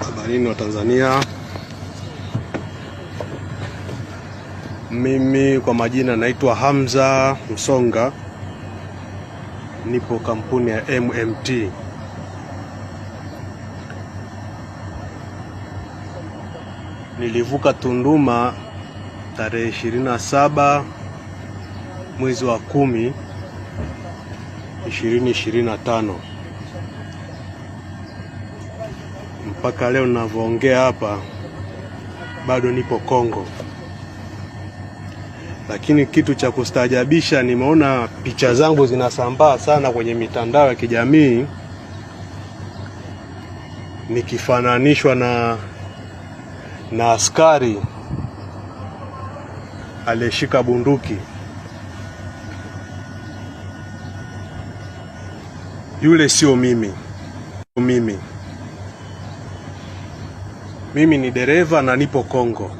Habarini wa Tanzania, mimi kwa majina naitwa Hamza Msonga, nipo kampuni ya MMT. Nilivuka Tunduma tarehe 27 mwezi wa 10 2025. mpaka leo ninavyoongea hapa bado nipo Kongo, lakini kitu cha kustaajabisha, nimeona picha zangu zinasambaa sana kwenye mitandao ya kijamii nikifananishwa na, na askari aliyeshika bunduki. Yule sio mimi, mimi mimi ni dereva na nipo Kongo.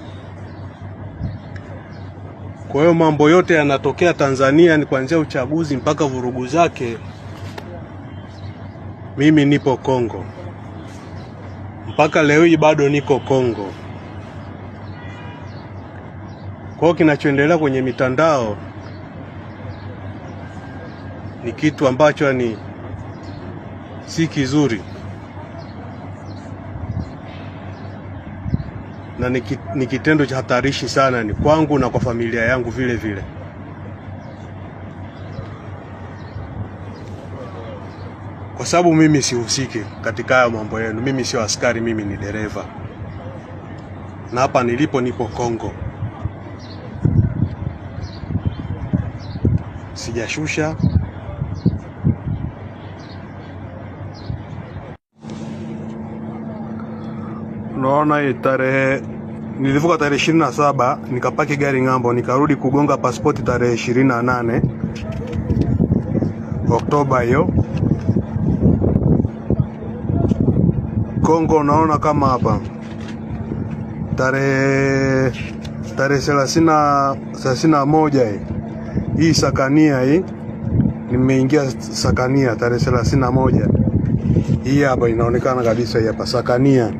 Kwa hiyo mambo yote yanatokea Tanzania, ni kuanzia uchaguzi mpaka vurugu zake. Mimi nipo Kongo mpaka leo hii, bado niko Kongo. Kwa hiyo kinachoendelea kwenye mitandao ni kitu ambacho ni si kizuri. na ni kitendo cha hatarishi sana, ni kwangu na kwa familia yangu vile vile. Kwa sababu mimi sihusiki katika hayo mambo yenu. Mimi sio askari, mimi ni dereva, na hapa nilipo nipo Kongo. Sijashusha naona tarehe nilivuka tarehe ishirini na saba nikapaki gari ng'ambo, nikarudi kugonga pasipoti tarehe ishirini na nane Oktoba hiyo Kongo. naona kama hapa tarehe tarehe thelathini na moja hii hii sakania hii nimeingia sakania tarehe thelathini na moja hii hapa inaonekana kabisa hii hapa sakania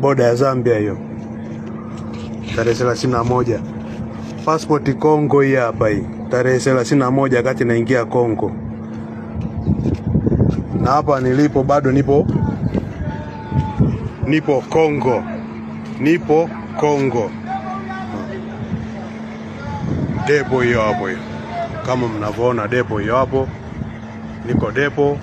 boda ya Zambia hiyo tarehe 31. Passport Kongo hii hapa hii tarehe 31, kati naingia Kongo, na hapa nilipo bado nipo nipo Kongo, nipo Kongo depo hiyo hapo hiyo, kama mnavyoona depo hiyo hapo, niko depo